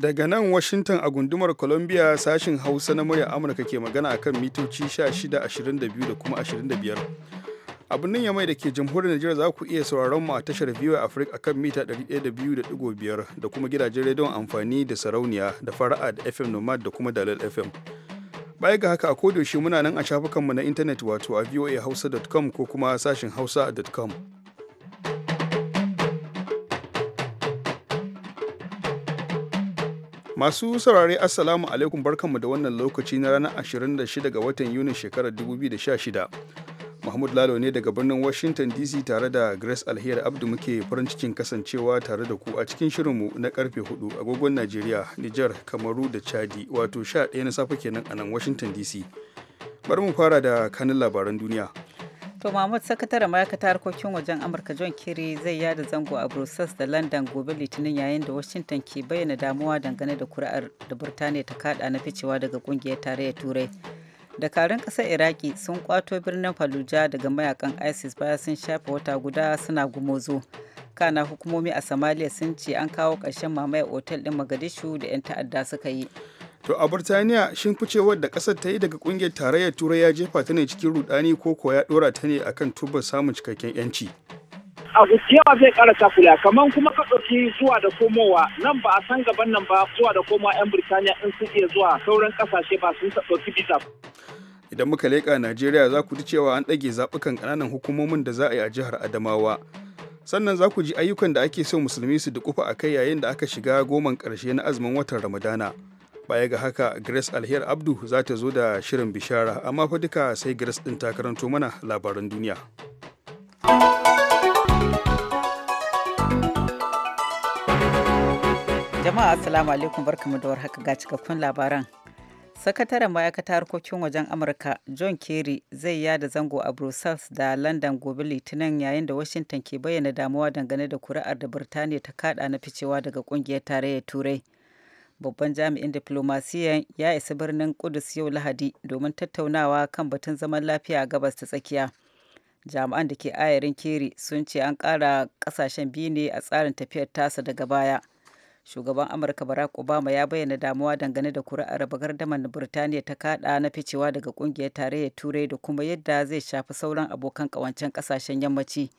Daga nan Washington a gundumar Columbia sashin Hausa na murya Amurka ke magana akan mitoci 16, 22 da kuma 25. abin ya mai da ke jamhuriyar Najeriya za ku iya sauraron mu a tashar VOA Africa kan mita 102.5 da kuma gidajen rediyon amfani da sarauniya da fara'a da FM Nomad da kuma Dalal FM. Baya ga haka a kodayaushe muna nan a shafukanmu na intanet wato a voahausa.com ko kuma sashin hausa.com. Masu saurare Assalamu alaikum barkanmu da wannan lokaci na ranar 26 ga watan Yunin shekarar 2016. Mahmud Lalo ne daga birnin Washington DC tare da Grace Alheri Abdu muke farin cikin kasancewa tare da ku a cikin shirinmu na karfe 4 agogon Najeriya, Nijar, Kamaru da Chadi wato 11 na safe kenan a nan Washington DC. Bari mu fara da kanin labaran duniya. To Mahmud sakataren ma'aikata harkokin wajen Amurka John Kerry zai yada zango a Brussels da London gobe Litinin yayin da Washington ke bayyana damuwa dangane da kuri'ar da Burtaniya ta kada na ficewa daga kungiyar tarayyar Turai. Dakarun ƙasar Iraki sun kwato birnin Fallujah daga mayakan ISIS bayan sun shafe wata guda suna gumozo. Kana hukumomi a Somalia sun ce an kawo ƙarshen mamayar otal ɗin Magadishu da 'yan ta'adda suka yi. To a Burtaniya shin ficewar da ƙasar ta yi daga ƙungiyar tarayyar Turai ya jefa ta ne cikin rudani ko ko ya dora ta ne akan tubar samun cikakken 'yanci. a zai kara takula kamar kuma ka ɗauki zuwa da komowa nan ba a san gaban nan ba zuwa da komowa 'yan birtaniya in su iya zuwa sauran kasashe ba sun ɗauki visa. idan muka leƙa najeriya za ku ji cewa an ɗage zaɓukan kananan hukumomin da za a yi a jihar adamawa sannan za ku ji ayyukan da ake so musulmi su dukufa a kai yayin da aka shiga goman karshe na azumin watan ramadana baya ga haka grace alher abdu za ta zo da shirin bishara amma fa duka sai grace din ta karanto mana labaran duniya jama'a assalamu alaikum barkamu da warhaka ga cikakkun labaran sakataren ma'aikatar harkokin wajen amurka john kerry zai yada zango a brussels da london gobe litinin yayin da washington ke bayyana damuwa dangane da kuri'ar da birtaniya ta kada na ficewa daga kungiyar tarayyar turai babban jami'in diplomasiyya ya isa birnin Kudus yau Lahadi domin tattaunawa kan batun zaman lafiya a gabas ta tsakiya. Jami'an da ke ayarin keri sun ce an kara kasashen biyu ne a tsarin tafiyar tasa daga baya. Shugaban Amurka Barack Obama ya bayyana damuwa dangane da kuri'ar gardamar Birtaniya ta kaɗa na ficewa daga ƙungiyar tarayyar Turai da kuma yadda zai shafi sauran abokan ƙawancen ƙasashen yammaci.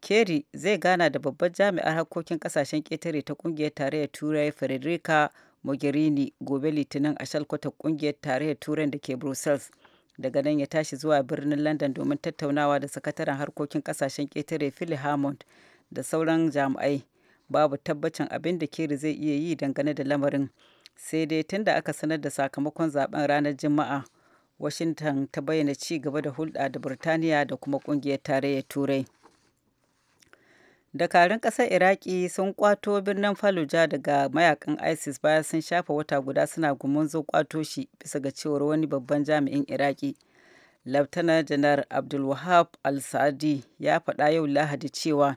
Kerry zai gana da babbar jami'ar harkokin kasashen ƙetare ta kungiyar tarayyar Turai Federica Mogherini gobe Litinin a shalkwatar kungiyar tarayyar Turai da ke Brussels. Daga nan ya tashi zuwa birnin London domin tattaunawa da sakataren harkokin kasashen ƙetare Phil Hammond da sauran jami'ai. Babu tabbacin abin da Kerry zai iya yi dangane da lamarin. Sai dai tun da aka sanar da sakamakon zaben ranar Juma'a. Washington ta bayyana ci gaba da hulɗa da Burtaniya da kuma ƙungiyar tarayyar Turai. dakarun ƙasar iraki sun kwato birnin fallujah daga mayakan isis bayan sun shafa wata guda suna gumunzo kwato shi bisa ga cewar wani babban jami'in iraki laftana janar abdulwahab al-sa'adi ya faɗa yau lahadi cewa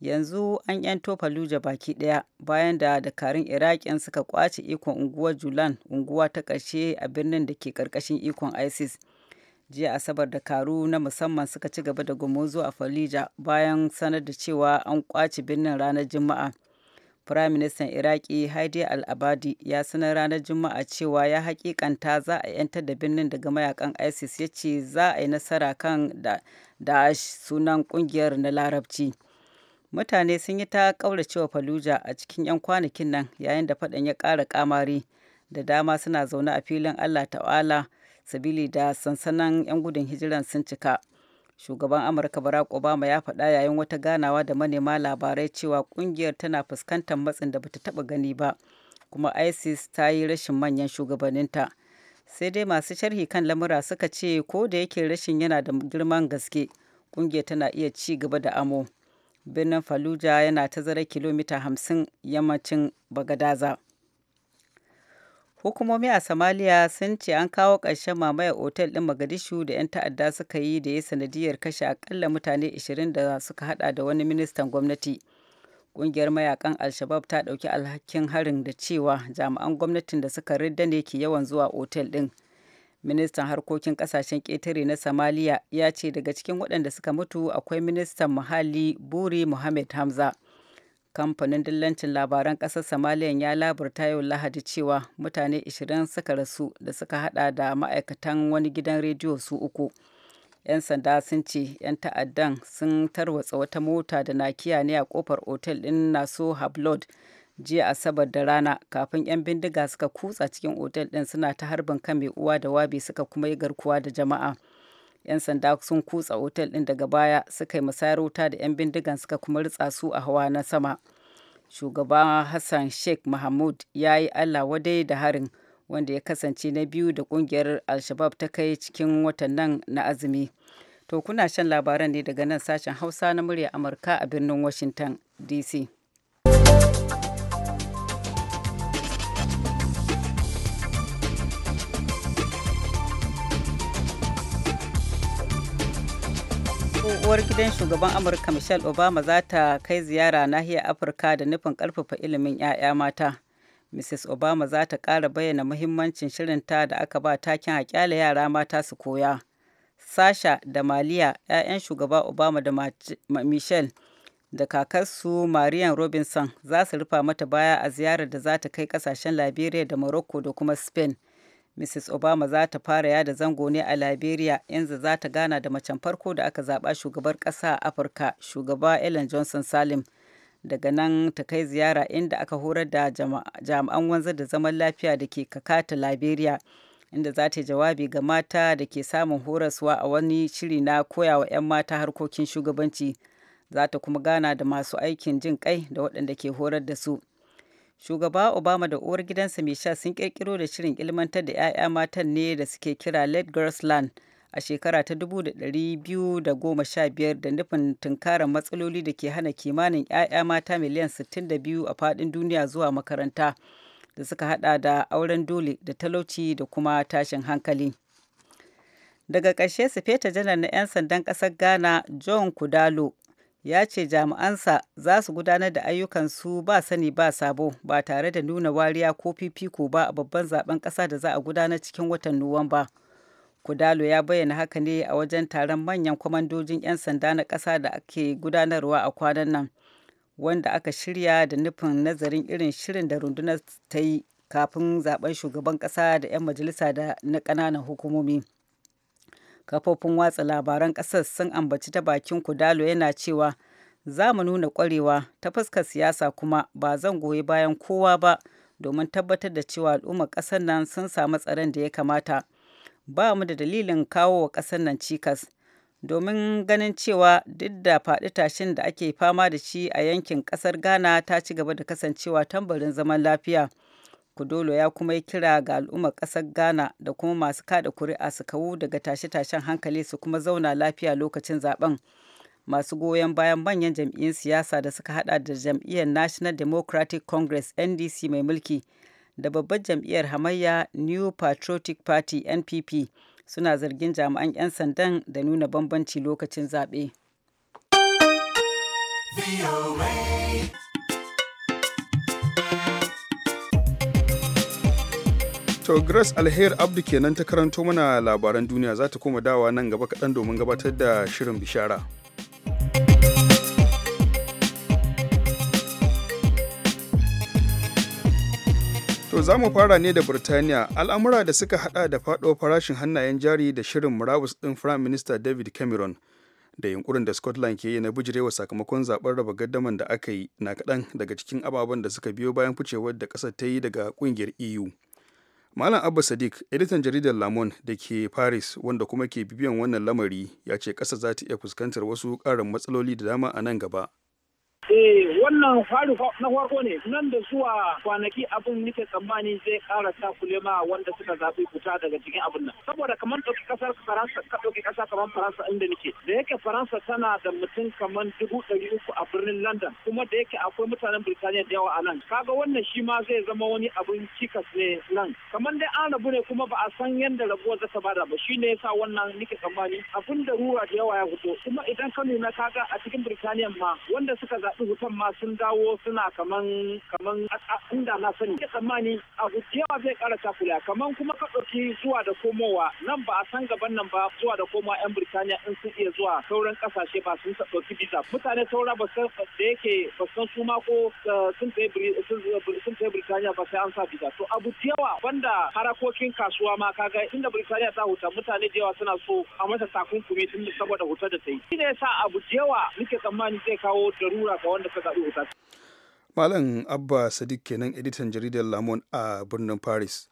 yanzu an yanto fallujah baki ɗaya bayan da dakarun iraki suka kwace ikon unguwar julan unguwa ta ƙarshe a birnin da ke ƙarƙashin ikon isis jiya asabar da karu na musamman suka ci gaba da gumuzu a fallujah bayan sanar da cewa an kwace birnin ranar juma'a prime minister iraki haidi al-abadi ya sanar ranar juma'a cewa ya hakikanta za a yantar da birnin daga mayakan isis ya ce za a yi nasara kan da sunan kungiyar na larabci mutane sun yi ta kauracewa faluja a cikin 'yan kwanakin nan yayin da faɗin ya ƙara kamari da dama suna zaune a filin allah ta'ala sabili da sansanan 'yan gudun hijiran sun cika shugaban amurka barack obama ya faɗa yayin wata ganawa da manema labarai cewa kungiyar tana fuskantar matsin da bata taɓa gani ba kuma isis ta yi rashin manyan shugabanninta sai dai masu sharhi kan lamura suka ce ko da yake rashin yana da girman gaske kungiyar tana iya ci gaba da amo birnin fallujah yana tazara kilomita 50 yammacin bagadaza hukumomi a somalia sun ce an kawo ƙarshen mamayar otel ɗin magadishu da 'yan ta'adda suka yi da ya sanadiyar kashe akalla mutane 20 da suka hada da wani ministan gwamnati ƙungiyar mayakan alshabab ta ɗauki alhakin harin da cewa jami'an gwamnatin da suka ridda ne ke yawan zuwa otel ɗin ministan harkokin ƙasashen ƙetare na somalia ya ce daga cikin waɗanda suka mutu akwai ministan muhalli buri muhammad hamza kamfanin dillancin labaran ƙasar somaliya ya laburta yau lahadi cewa mutane 20 suka rasu da suka hada da ma'aikatan wani gidan rediyo su uku 'yan sanda sun ce 'yan ta'addan sun tarwatsa wata mota da nakiya ne a kofar otel ɗin naso hablod jiya asabar da rana kafin 'yan bindiga suka kutsa cikin otel din suna ta harbin kan mai uwa da wabi suka kuma yi garkuwa da jama'a 'yan sanda sun kutsa otal ɗin daga baya suka yi musayar da 'yan bindigan suka kuma ritsa su a hawa na sama shugaba hassan sheikh mahmud ya yi allah wadai da harin wanda ya kasance na biyu da kungiyar alshabab ta kai cikin watan nan na azumi to kuna shan labaran ne daga nan sashen hausa na murya amurka a birnin washington dc uwar gidan shugaban amurka michelle obama za ta kai ziyara nahiyar afirka da nufin karfafa ilimin 'ya'ya mata mrs obama za ta ƙara bayyana muhimmancin shirinta da aka ba takin ƙyale yara mata su koya sasha da maliya 'ya'yan shugaba obama da michelle da kakarsu marian robinson za su rufa mata baya a ziyarar da za ta kai kasashen liberia da morocco da kuma spain Mrs. Obama za ta fara yada zango ne a Liberia yanzu za ta gana da macen farko da aka zaba shugabar ƙasa a Afirka shugaba Ellen Johnson Salim. Daga nan ta kai ziyara inda aka horar da jami'an wanzar da zaman lafiya da ke kakata Liberia inda za ta jawabi ga mata da ke samun horaswa a wani shiri na koyawa 'yan mata harkokin shugabanci. Za ta kuma gana da masu aikin jin kai da waɗanda ke horar da su. shugaba obama da uwar gidansa mai sha sun kirkiro da shirin ilmantar da 'ya'ya matan ne da suke kira let girls land a shekara ta 2015 da nufin tunkarar matsaloli da ke hana kimanin 'ya'ya mata miliyan 62 a fadin duniya zuwa makaranta da suka hada da auren dole da talauci da kuma tashin hankali daga ƙarshe feta janar na 'yan sandan ƙasar ghana john kudalo ya ce jami'ansa za su gudanar da ayyukansu ba sani ba sabo ba tare da nuna wariya ko fifiko ba a babban zaben ƙasa da za a gudanar cikin watan nuwamba kudalo ya bayyana haka ne a wajen taron manyan kwamandojin 'yan sanda na ƙasa da ake gudanarwa a kwanan nan wanda aka shirya da nufin nazarin irin shirin da rundunar ta yi kafin zaben shugaban ƙasa da 'yan majalisa da na ƙananan hukumomi. Kafofin watsa labaran ƙasar sun ambaci ta bakin Kudalo yana cewa za mu nuna ƙwarewa ta fuskar siyasa kuma ba zan goyi bayan kowa ba domin tabbatar da cewa al'ummar ƙasar nan sun samu tsaron da ya kamata. Ba mu da dalilin kawo wa ƙasar nan cikas. domin ganin cewa duk da faɗi tashin da ake fama da shi a yankin ƙasar ghana ta ci gaba da kasancewa tambarin zaman lafiya Kudolo ya kuma yi kira ga al'ummar ƙasar Ghana da kuma masu kada kuri'a su kawo daga tashe-tashen hankali su kuma zauna lafiya lokacin zaben. Masu goyon bayan manyan jam'iyyun siyasa da suka hada da jam'iyyar National Democratic Congress NDC mai mulki da babbar jam'iyyar hamayya New Patriotic Party NPP suna zargin jami'an 'yan sandan da nuna bambanci lokacin zaɓe. To Grace Alher Abdu kenan ta karanto mana labaran duniya za ta koma dawa nan gaba kaɗan domin gabatar da shirin bishara. To za mu fara ne da Birtaniya al'amura da suka hada da fado farashin hannayen jari da shirin murabus ɗin prime minister David Cameron da yunkurin da Scotland ke yi na bijirewa sakamakon zaben raba gaddaman da aka yi na kaɗan daga cikin ababen da suka biyo bayan ficewar da ƙasar ta yi daga ƙungiyar EU. Malam Abba Sadiq, editan jaridar Lamon da ke Paris wanda kuma ke bibiyan wannan lamari ya ce ƙasa za ta iya fuskantar wasu ƙarin matsaloli da dama a nan gaba. Eh wannan faru na farko ne nan da zuwa kwanaki abin nake tsammani zai kara sa kulema wanda suka zaɓi fita daga cikin abin nan. Saboda kamar ɗauki ƙasar Faransa ka ɗauki ƙasa kamar Faransa inda nake. Da yake Faransa tana da mutum kamar dubu ɗari uku a birnin London kuma da yake akwai mutanen Birtaniya da yawa a nan. Kaga wannan shi ma zai zama wani abin cikas ne nan. Kamar dai an rabu ne kuma ba a san yadda rabuwar zata bada ba shi ne yasa wannan nake tsammani abin da rura da yawa ya fito kuma idan ka nuna kaga a cikin Birtaniya ma wanda suka zaɓi su wutan ma sun dawo suna kaman kaman inda na sani ke tsammani a yawa zai kara takula kaman kuma ka ɗauki zuwa da komowa nan ba a san gaban nan ba zuwa da komowa yan birtaniya in sun iya zuwa sauran kasashe ba sun ɗauki visa mutane saura ba san da yake ba san su ma ko eh, sun tsaye birtaniya ba sai an sa visa to abu yawa wanda harakokin kasuwa ma kaga inda birtaniya ta huta mutane da yawa suna so a mata takunkumi tun saboda hutar da ta yi shi ne yasa abu yawa nake tsammani zai kawo darura Malam Abba Sadiq kenan editan jaridar Lamon a birnin Paris.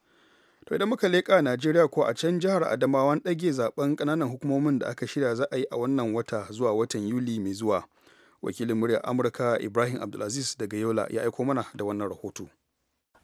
To idan muka leƙa Najeriya ko a can jihar Adamawan ɗage zaben ƙananan hukumomin da aka shirya za a yi a wannan wata zuwa watan Yuli mai zuwa. Wakilin muryar Amurka Ibrahim Abdulaziz daga Yola ya aiko mana da wannan rahoto.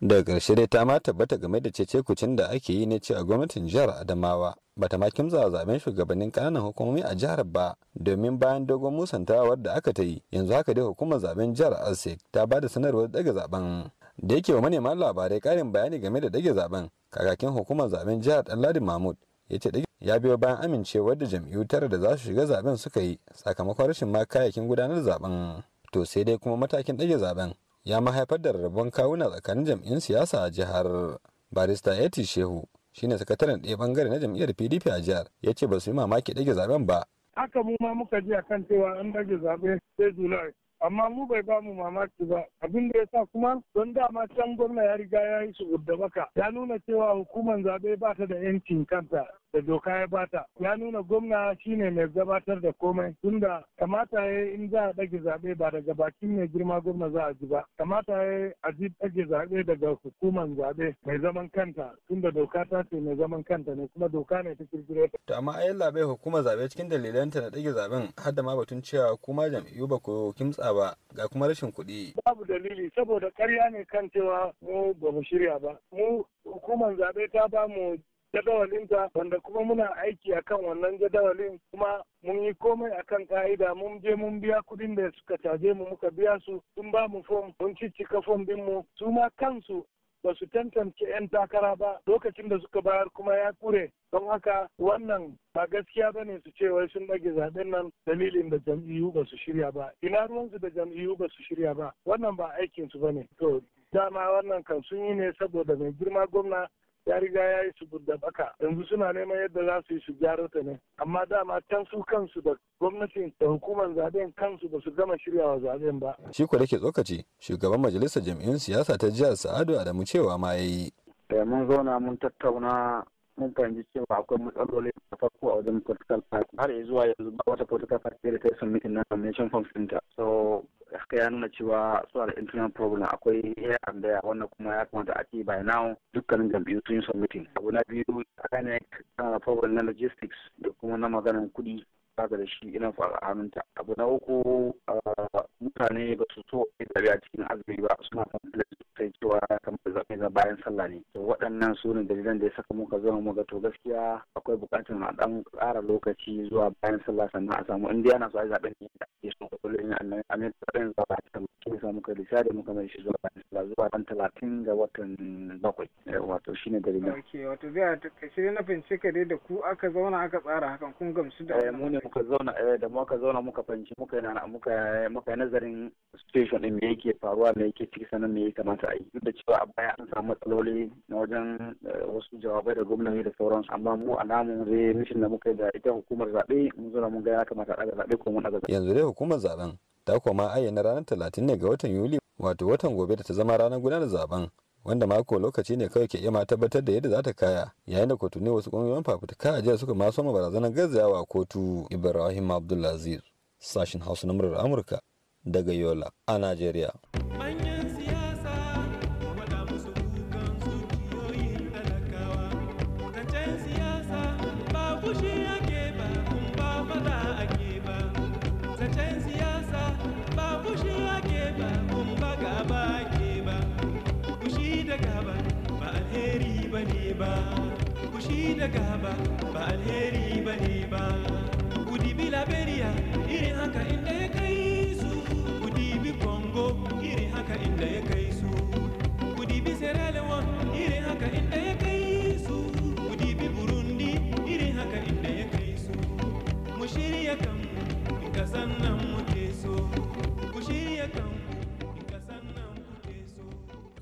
daga ƙarshe dai ta ma tabbata game da cece kucin da ake yi ne ce a gwamnatin jihar adamawa bata ma kimza zaben shugabannin kananan hukumomi a jihar ba domin bayan dogon musantawar da aka ta yi yanzu haka dai hukumar zaben jihar ase ta ba da sanarwar daga zaben da yake wa manema labarai karin bayani game da dage zaben kakakin hukumar zaben jihar ɗanladi mahmud ya ce ya biyo bayan amincewar da jam'iyyu tara da za su shiga zaben suka yi sakamakon rashin ma kayayyakin gudanar zaben to sai dai kuma matakin ɗage zaben ya mahaifar da rarrabuwan kawuna tsakanin jam'in siyasa a jihar barista eti shehu shine sakataren ɗaya bangare na jam'iyyar pdp a jihar ya ce ba su yi mamaki ɗage zaben ba haka mu ma muka ji a kan cewa an ɗage zaɓe sai julai amma mu bai ba mu mamaki ba abin da ya sa kuma don dama can gwamna ya riga ya yi su da baka ya nuna cewa hukumar zaɓe ba ta da yancin kanta da doka ya bata ya nuna gwamna shine mai gabatar da komai tunda kamata ya in za a ɗage zaɓe ba daga bakin mai girma gwamna za a ji ba kamata ya a ji ɗage zaɓe daga hukumar zaɓe mai zaman kanta tunda doka ta ce mai zaman kanta ne kuma doka ne ta kirkire ta. to amma ayin bai hukumar zaɓe cikin dalilanta na ɗage zaɓen har da ma batun cewa kuma jam'iyyu ba ko kimtsa ba ga kuma rashin kuɗi. babu dalili saboda karya ne kan cewa mu ba mu shirya ba mu hukumar zaɓe ta ba mu jadawalinta wanda kuma muna aiki akan wannan jadawalin kuma mun yi komai akan ka'ida mun je mun biya kudin da suka caje mu muka biya su sun ba mu fom mun ciccika fom din mu su ma kansu ba su tantance 'yan takara ba lokacin da suka bayar kuma ya kure don haka wannan ba gaskiya ba ne su ce wai sun ɗage zaɓen nan dalilin da jam'iyyu ba su shirya ba ina ruwansu da jam'iyyu ba su shirya ba wannan ba aikinsu ba ne to dama wannan kan sun yi ne saboda mai girma gwamna ya riga ya yi su da baka yanzu suna neman yadda za su yi su gyara ta ne amma dama can su kansu da gwamnatin da hukumar zaben kansu ba su gama shiryawa zaben ba shi ko dake tsokaci shugaban majalisar jam'iyyun siyasa ta jihar sa'adu adamu cewa ma yayi eh, mun zauna mun tattauna mun fahimci cewa akwai matsaloli da farko a wajen political party har zuwa yanzu ba wata political party da ta yi submitting na nomination form ta so haka ya nuna cewa suna da internal problem akwai here and there wannan kuma ya kamata a ce by now dukkanin jam'iyyu sun yi submitting abu na biyu a kan uh, problem na logistics da kuma na maganar kuɗi kaga da shi ina faru aminta abu na uku mutane ba su so a a cikin azumi ba suna kan sosai cewa kamar zaɓe bayan sallah ne to waɗannan su ne dalilan da ya saka muka zama ga to gaskiya akwai buƙatar a ɗan ƙara lokaci zuwa bayan sallah sannan a samu indiya na so a zaɓen ne da ake so kullum yin amin zaɓen za a cikin kin sa muka lisa da muka mai shi zuwa bayan sallah zuwa ɗan talatin ga watan bakwai wato shi ne dalilan. ok wato zai a takaice na fahimci ka dai da ku aka zauna aka tsara hakan kun gamsu da. Eh, ne muka zauna eh, da muka zauna muka fahimci muka yi muka nazarin situation din me yake faruwa me yake ciki sanan me ya kamata a yi duk da cewa a baya an samu matsaloli na wajen eh, wasu jawabai da gwamnati da sauransu amma mu a namu na mishin da muka yi da ita hukumar zaɓe mun zo mun ga ya kamata a ɗaga zaɓe ko mun ɗaga zaɓe. yanzu dai hukumar zaɓen ta koma ayyana ranar talatin ne ga watan yuli wato watan gobe da ta zama ranar gudanar zaben wanda mako lokaci ne kawai ke iya ma tabbatar da yadda za ta kaya yayin da kotu ne wasu kungiyoyin fafutuka a jiya suka ma soma barazanar gazawa kotu ibrahim abdulaziz sashin hausa na murar amurka daga yola a najeriya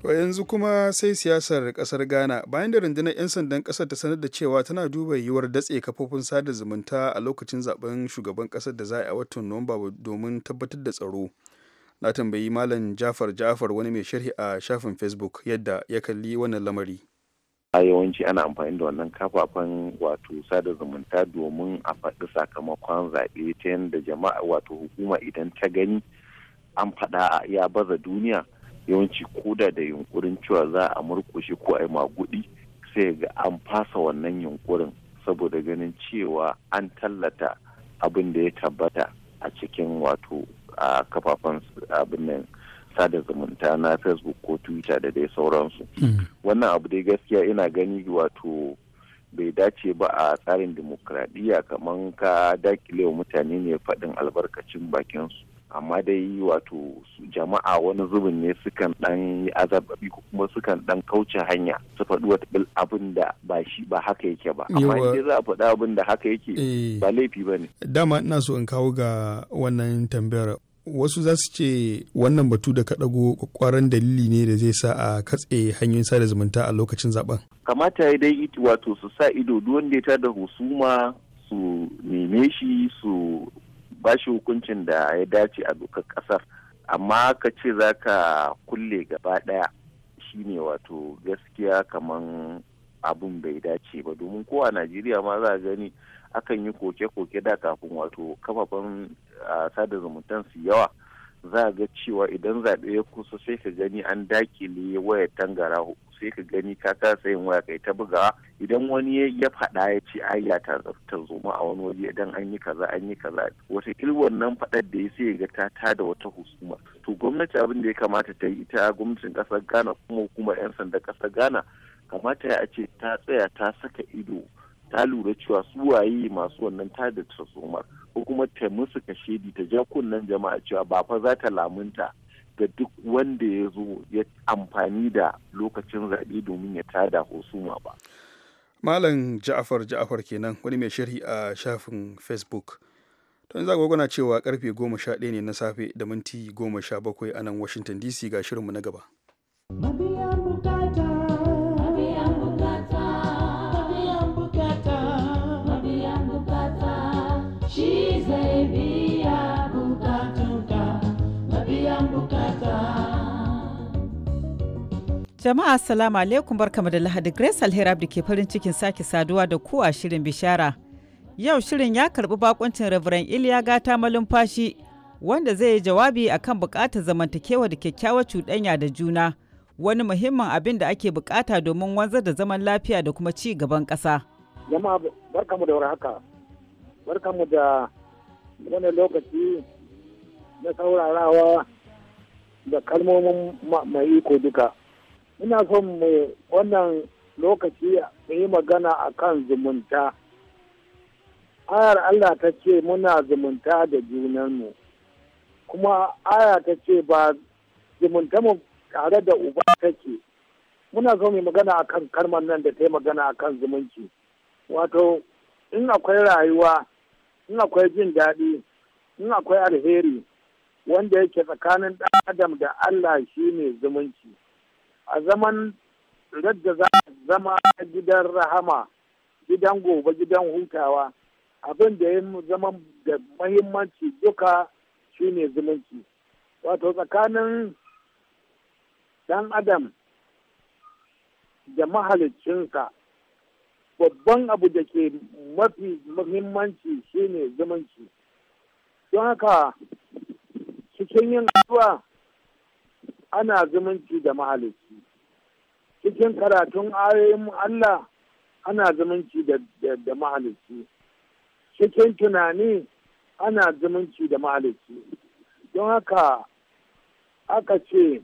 To yanzu kuma sai siyasar kasar Ghana bayan da rundunar 'yan sandan kasar ta sanar da cewa tana duba yiwuwar datse kafofin sada zumunta a lokacin zaben shugaban kasar da za a watan Nuwamba domin tabbatar da tsaro. Na tambayi Malam Jafar Jafar wani mai sharhi a shafin Facebook yadda ya kalli wannan lamari. a yawanci ana amfani da wannan kafafen wato sada zumunta domin a faɗi sakamakon zaɓe ta yadda jama'a wato hukuma idan ta gani an faɗa a ya baza duniya yawanci koda da yunkurin cewa za a murkushe ko a yi maguɗi sai ga an fasa wannan yunkurin saboda ganin cewa an tallata abin da ya tabbata a cikin wato kafafen abin nan sada zumunta na facebook ko twitter da dai sauransu hmm. wannan abu dai gaskiya ina gani wato bai dace ba a tsarin demokradiyya kamar ka dakile wa mutane ne faɗin albarkacin bakinsu amma dai wato jama'a wani zubin ne sukan dan yi azabi ko kuma sukan dan kauce hanya su faɗi wata bil abin da ba shi ba haka yake ba amma idan za a faɗi abin da haka yake eh. ba laifi ba ne dama ina so in kawo ga wannan tambayar wasu za su ce wannan batu da kaɗago kwaran dalili ne da zai sa a katse hanyoyin sada zumunta a lokacin zaben kamata ya dai wato su sa ido duk wanda ya tada husuma su neme shi su ba shi hukuncin da ya dace a dokar ƙasar amma ka ce za ka kulle gaba ɗaya shine wato gaskiya kaman abun bai dace ba domin ko a najeriya ma za a gani akan yi koke-koke da kafin wato kafafen sada zumuntan su yawa za ga cewa idan zaɓe ya kusa sai ka gani an dakile wayar tangara sai ka gani ka kasa yin waya kai ta bugawa idan wani ya faɗa ya ce ai ya ta zoma a wani waje idan an yi kaza an yi kaza wata wannan faɗar da ya sai ga ta tada wata husuma to gwamnati abin da ya kamata ta yi ita gwamnatin ƙasar Ghana kuma hukumar 'yan sanda ƙasar Ghana kamata ya ce ta tsaya ta saka ido ta lura cewa su waye masu wannan tada tarzomar ko kuma ta musu kashedi ta ja kunnen jama'a cewa ba fa za ta lamunta ga duk wanda ya zo ya amfani da lokacin zaɓe domin ya tada husuma ba. Malam Ja'afar Ja'afar kenan wani mai sharhi a shafin Facebook. Tun za gwagwana cewa karfe goma sha ɗaya ne na safe da minti goma sha bakwai a nan Washington DC ga shirinmu na gaba. Jama'a assalamu alaikum barkamu da Lahadi Grace Alheri da ke farin cikin sake saduwa da ku a shirin bishara. Yau shirin ya karbi bakuncin Reverend Iliya Gata Malumfashi wanda zai yi jawabi akan bukatar zamantakewa da kyakkyawar cuɗanya da juna wani muhimmin abin da ake bukata domin wanzar da zaman lafiya da kuma ci gaban ƙasa. Jama'a barkamu da warhaka. Barkamu da wani lokaci na saurarawa da kalmomin mai duka. ina son mu wannan lokaci mu yi magana a kan zumunta ayar allah ta ce muna zumunta da junanmu kuma aya ta ce ba zumunta mu tare da uba take muna son mu magana a kan karman nan da ta yi magana a kan zumunci wato in akwai rayuwa in akwai jin daɗi in akwai alheri wanda yake tsakanin ɗan adam da allah shi ne zumunci a zaman radda za a zama gidan rahama gidan gobe gidan hutawa abin da ya zama da mahimmanci duka shine zumunci wato tsakanin dan adam da mahaliccinsa babban abu da ke mafi muhimmanci shine zumunci don haka cikin yin addu'a ana zumunci da mahalicci cikin karatun ayoyin Allah ana zumunci da mahalicci cikin tunani ana zumunci da mahalicci don haka aka ce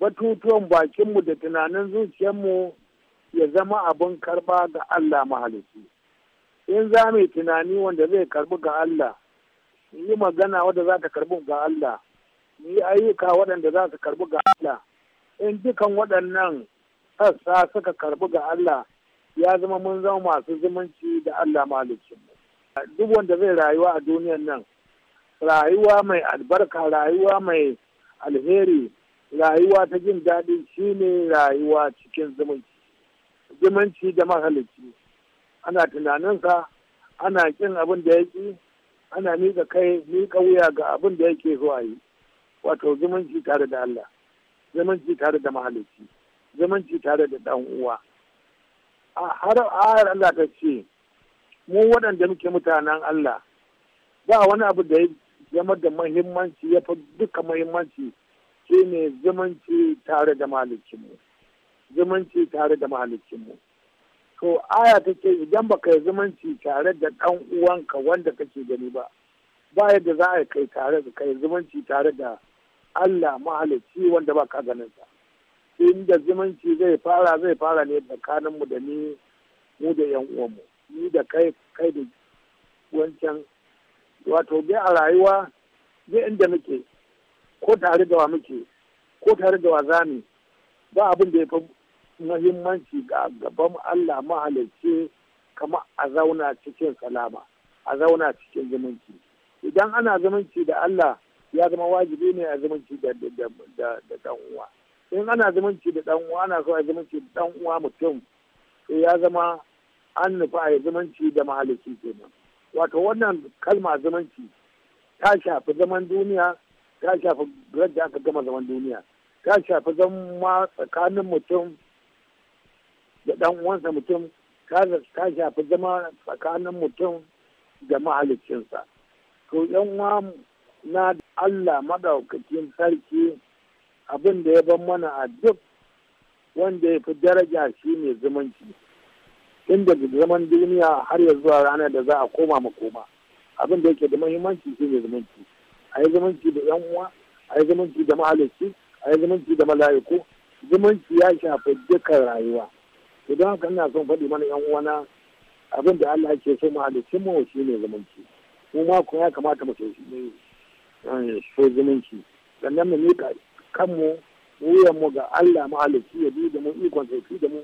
batutuwan bakinmu da tunanin zuciyarmu ya zama abin karba ga Allah mahalicci in za mu tunani wanda zai karbi ga Allah yi magana wadda za ta karbi ga Allah yi ayyuka waɗanda za su karbi ga Allah in dukan waɗannan sassa suka karbi ga Allah ya zama mun zama masu zumunci da Allah malicin duk wanda zai rayuwa a duniyar nan rayuwa mai albarka rayuwa mai alheri rayuwa ta jin daɗi shine rayuwa cikin zumunci zumunci da mahalicci ana tunaninsa ana kin abin da ya ana mika kai miƙa wuya ga abin da yake so a yi wato zumunci tare da Allah zumunci tare da mahalicci zumunci tare da dan uwa a har Allah ta ce mu waɗanda muke mutanen Allah ba wani abu da ya zama da mahimmanci ya fi duka mahimmanci shi ne zumunci tare da mahalicinmu zumunci tare da mahalicinmu to aya ta ce idan baka yi zumunci tare da ɗan uwanka wanda kake gani ba ba yadda za a kai tare da kai zumunci tare da Allah mahalicci wanda ba ka ganin sa inda zumunci zai fara zai fara ne tsakanin mu da ni mu da yan uwanmu ni da kai kai da wancan wato bai a rayuwa ne inda muke ko tare da wa muke ko tare da wa zami ba abin da ya fi muhimmanci ga gaban Allah mahalicci kama a zauna cikin salama a zauna cikin zumunci idan ana zumunci da Allah ya zama wajibi ne a zumunci da dan uwa in ana zumunci da dan uwa ana so a zumunci da dan uwa mutum sai ya zama an nufa a zumunci da mahalicci kenan wato wannan kalma zumunci ta shafi zaman duniya ta shafi yadda aka gama zaman duniya ta shafi zama tsakanin mutum da dan uwansa mutum ta shafi zama tsakanin mutum da mahaliccinsa to yan uwa na Allah madaukakin sarki abin da ya ban mana a duk wanda ya fi daraja shi ne zumunci tun daga zaman duniya har ya zuwa ranar da za a koma makoma abin da yake da muhimmanci shi ne zumunci a yi zumunci da yan uwa a yi zumunci da mahalicci a yi zumunci da mala'iku zumunci ya shafi dukkan rayuwa idan haka ina son faɗi mana yan uwana abin da Allah ke so mahalicci mu shi ne zumunci mu ma kuma ya kamata mu shi shugabanci sannan mu miƙa kanmu mu ga Allah mahalicci ya bi da mu ikon sai da mu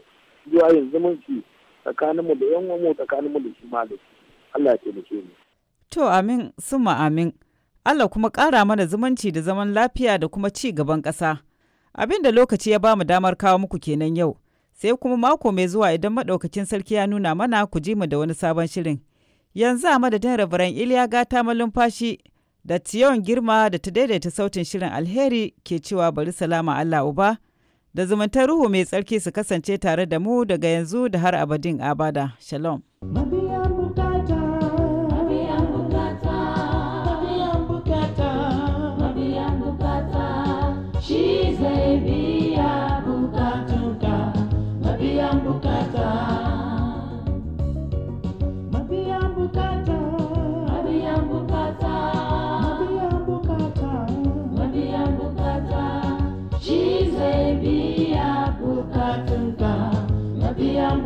zuwa yin zumunci tsakaninmu da yan mu tsakaninmu da shi mahalicci Allah ya taimake mu to amin suma amin Allah kuma kara mana zumunci da zaman lafiya da kuma ci gaban ƙasa abin da lokaci ya ba mu damar kawo muku kenan yau sai kuma mako mai zuwa idan maɗaukacin sarki ya nuna mana ku ji mu da wani sabon shirin yanzu a madadin rabaran iliya gata malumfashi da tiyon girma da ta daidaita sautin shirin alheri ke cewa bari salama Allah uba da zumunta ruhu mai tsarki su kasance tare da mu daga yanzu da har abadin abada shalom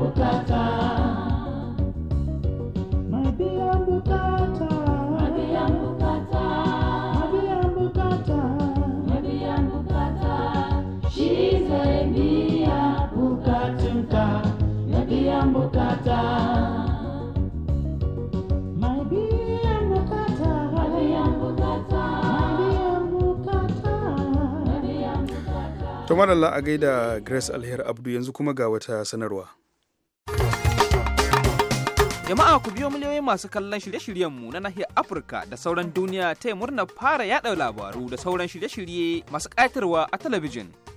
bukata mabiyan bukata mabiyan a gaida Grace Alher Abdu yanzu kuma ga wata sanarwa. Jama'a ku biyo miliyoyin masu kallon shirye-shiryenmu na nahiyar Afirka da sauran duniya ta murnar fara yada labaru da sauran shirye-shirye masu ƙayatarwa a talabijin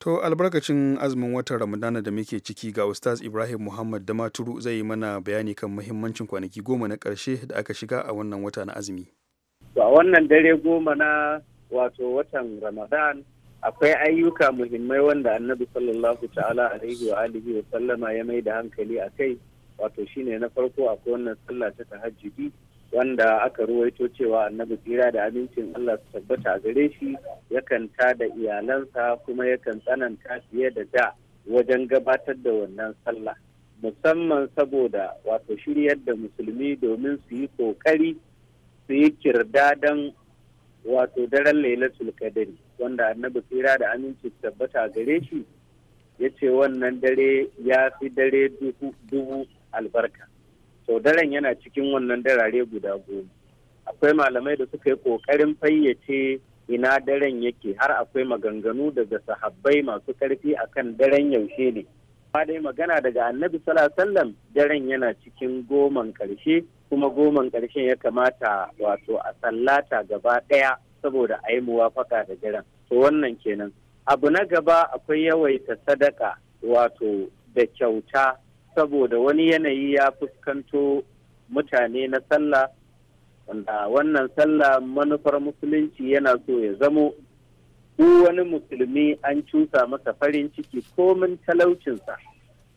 To albarkacin azumin watan Ramadana da muke ciki ga Ustaz Ibrahim Muhammad da Maturu zai yi mana bayani kan muhimmancin kwanaki goma na ƙarshe da aka shiga a wannan wata na azumi. To a wannan dare goma na wato watan Ramadan akwai ayyuka muhimmai wanda Annabi sallallahu ta'ala alaihi wa alihi wa sallama ya mai da hankali a kai wato shine na farko akwai wannan sallah ta tahajjudi wanda aka ruwaito cewa annabi tsira da amincin Allah su tabbata gare shi yakan ta da iyalansa kuma yakan tsananta fiye da da wajen gabatar da wannan sallah musamman saboda wato shiryar da musulmi domin su yi kokari su yi kirdadan wato daren lailatul kadari wanda annabi tsira da amincin tabbata gare shi ya ce wannan dare ya fi dare dubu albarka sau daren yana cikin wannan darare guda goma akwai malamai da suka yi ƙoƙarin fayyace ina daren yake har akwai maganganu daga sahabbai masu ƙarfi akan daren yaushe ne ba dai magana daga annabi sallam daren yana cikin goman ƙarshe kuma goman ƙarshe ya kamata wato a sallata gaba ɗaya saboda a yi muwafaka da daren to wannan kenan abu na gaba akwai yawaita sadaka wato da kyauta saboda wani yanayi ya fuskanto mutane na sallah wanda wannan sallah manufar musulunci yana so ya zamo wani musulmi an cusa masa farin ciki komin talaucinsa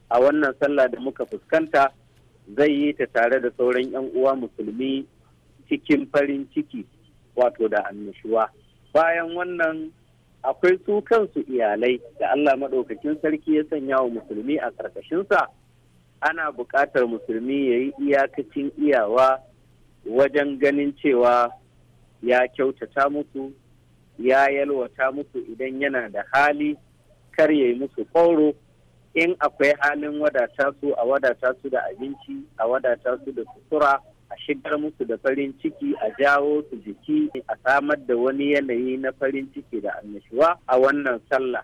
a wannan sallah da muka fuskanta zai yi ta tare da sauran 'yan uwa musulmi cikin farin ciki wato da annashuwa bayan wannan akwai su kansu iyalai da allah maɗaukakin sarki ya sanya wa musulmi a ƙarƙashinsa ana buƙatar musulmi ya yi iyakacin iyawa wajen ganin cewa ya kyautata musu ya yalwata musu idan yana da hali kar ya yi musu ƙoro in akwai halin wadata su a wadata su da abinci a wadata su da sutura a shigar musu da farin ciki a jawo su jiki a samar da wani yanayi na farin ciki da annashuwa a wannan sallah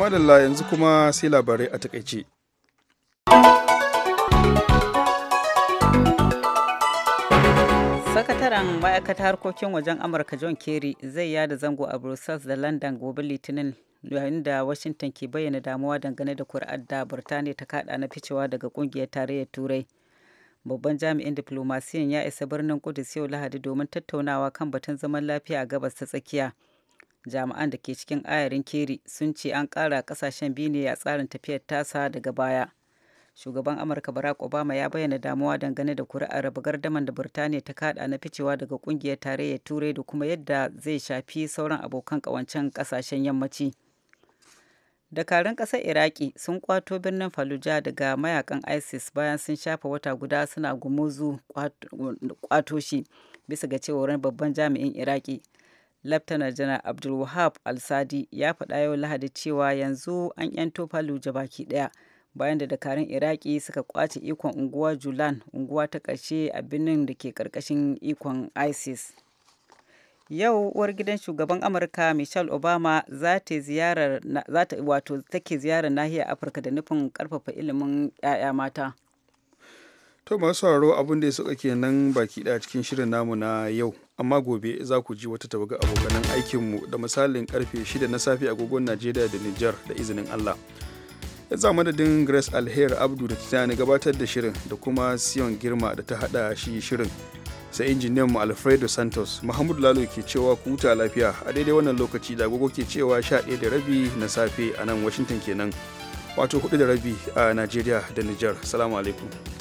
madalla yanzu kuma sai labarai a takaice. sakataren ma'aikatar harkokin wajen amurka john kerry zai yada zango a brussels da london gobe litinin yayin da washington ke bayyana damuwa dangane da kuri'ar da birtaniya ta kada na ficewa daga kungiyar tarayyar turai babban jami'in diplomasiyan ya isa birnin kudus yau lahadi domin tattaunawa kan batun zaman lafiya a gabas ta tsakiya jami'an da ke cikin ayarin keri sun ce an kara kasashen biyu ne a tsarin tafiyar tasa daga baya shugaban amurka barack obama ya bayyana damuwa dangane da kuri'ar raba gardaman da birtaniya ta kada na ficewa daga kungiyar tarayyar turai da kuma yadda zai shafi sauran abokan kawancen kasashen yammaci dakarun ƙasar iraki sun kwato birnin fallujah daga mayakan isis bayan sun shafa wata guda suna gumuzu kwato shi bisa ga cewar babban jami'in iraki Laftanar Janar Abdulwahab Al-Sadi ya faɗa yau Lahadi cewa yanzu an 'yanto Fallujah baki ɗaya bayan da dakarun Iraki suka kwace ikon unguwar Julan unguwa ta ƙarshe a birnin da ke ƙarƙashin ikon ISIS. Yau uwar gidan shugaban Amurka Michelle Obama za ta wato take ziyarar nahiyar Afirka da nufin ƙarfafa ilimin 'ya'ya mata. To masu sauraro abin da ya suka kenan baki ɗaya cikin shirin namu na yau amma gobe za ku ji wata tawaga abokanan aikinmu da misalin karfe 6 na safe agogon najeriya da nijar da izinin allah ya madadin grace alher abdu da titani gabatar da shirin da kuma siyon girma da ta hada shi shirin sai injiniyan mu alfredo santos muhammadu lalo ke cewa ku huta lafiya a daidai wannan lokaci da agogo ke cewa sha ɗaya da rabi na safe a nan washington kenan wato 4 da rabi a najeriya da nijar salamu alaikum